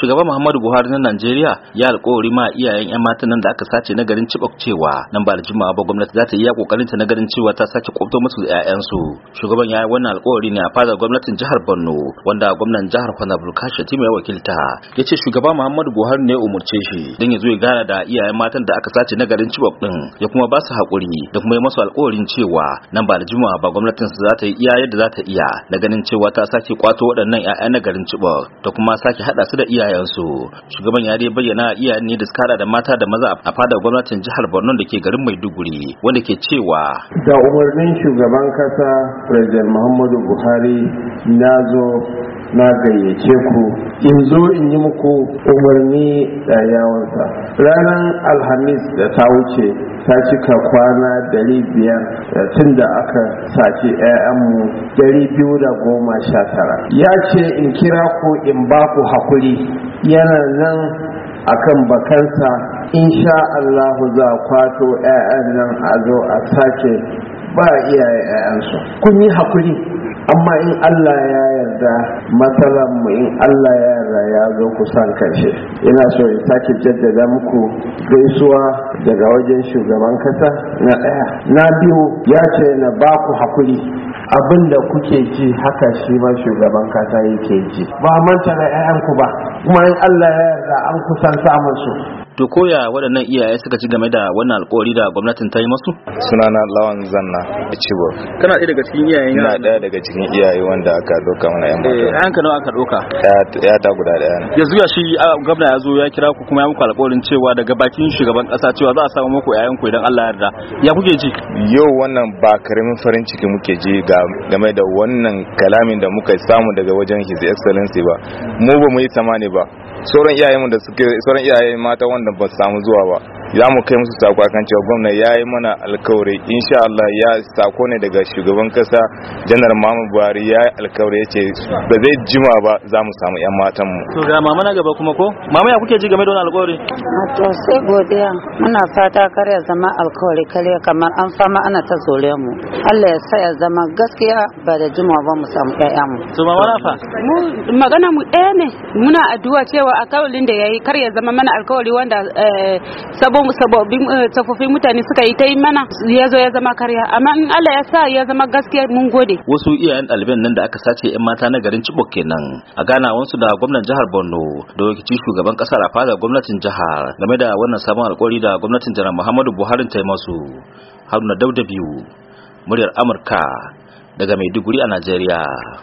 Shugaban muhammadu buhari na najeriya ya alkawari ma iyayen yan matan nan da aka sace na garin cibok cewa nan ba da juma'a ba gwamnati za ta yi kokarin ta na garin cewa ta sake kwamto musu ƴaƴan su shugaban ya yi wannan alkawari ne a fadar gwamnatin jihar borno wanda gwamnan jihar honorable kashi tim mai wakilta ya ce shugaba muhammadu buhari ne umurce shi don ya zo ya gara da iyayen matan da aka sace na garin cibok din ya kuma ba su haƙuri da kuma ya masu alkawarin cewa nan ba aljumma ba gwamnatin su za ta yi iya yadda za ta iya na ganin cewa ta sake kwato waɗannan ya'ya na garin cibok da kuma sake haɗa su da iyayen iyayensu shugaban ya dai bayyana iya ne da suka hada da mata da maza a fadar gwamnatin jihar Borno da ke garin Maiduguri wanda ke cewa da umarnin shugaban kasa President Muhammadu Buhari na zo na gayyace ku in zo in yi muku umarni da yawansa ranar alhamis da ta wuce ta cika kwana dari biyar tun da aka saci 'ya'yanmu dari biyu da goma sha tara ya ce in kira ku in ba ku hakuri yana nan akan bakansa insha Allahu za kwato ƴaƴan nan a zo a sake ba iyaye 'ya'yansu kun yi hakuri amma in Allah ya yarda matsalar mu in Allah ya yarda ya zo kusan karshe ina so in sake jaddada muku gaisuwa daga wajen shugaban kasa na daya na biyu ya ce na ba ku hakuri abin da kuke ji haka shi ma shugaban kasa yake ji ba manta na 'ya'yanku ba kuma in Allah ya yarda an kusan samun su to koya waɗannan iyaye suka ci game da wannan alƙawari da gwamnatin ta yi masu sunana lawan zanna cibo kana ɗaya daga cikin iyayen yana ɗaya daga cikin iyaye wanda aka doka mana yan mata eh an nawa aka doka ya ta guda ɗaya ne yanzu ya shi gwamna ya zo ya kira ku kuma ya muku alƙawarin cewa daga bakin shugaban ƙasa cewa za a samu muku yayan ku idan Allah ya yarda ya kuke ji yau wannan ba karamin farin ciki muke ji game da wannan kalamin da muka samu daga wajen his excellency ba mu ba mu yi tsamani ba sauran iyayen da suke sauran iyayen mata wanda ba su samu zuwa ba za mu kai musu sako akan cewa gwamna ya yi mana alkawari insha Allah ya sako ne daga shugaban kasa janar mamu buhari ya yi alkawari ya ce ba zai jima ba za mu samu yan matan mu to ga mama na gaba kuma ko mama ya kuke ji game da wani alkawari to sai godiya muna fata kar ya zama alkawari kare kamar an fama ana ta zole mu Allah ya sa ya zama gaskiya ba da jima ba mu samu ƴaƴa mu to mama na fa mu magana mu ɗaya ne muna addu'a cewa alkawarin da yayi kar ya zama mana alkawari wanda eh, sabo ko eh, tsofaffin mutane suka yi ta yi mana ya zo ya zama karya amma in Allah ya sa ya zama gaskiya mun gode wasu iyayen ɗaliban nan da aka sace yan mata na garin Chibok kenan a ganawansu da gwamnan jihar Borno da wakilci shugaban kasar a fadar gwamnatin jihar game da wannan sabon alƙawari da gwamnatin jihar Muhammadu Buhari ta yi masu Haruna Dauda biyu muryar Amurka daga Maiduguri a Najeriya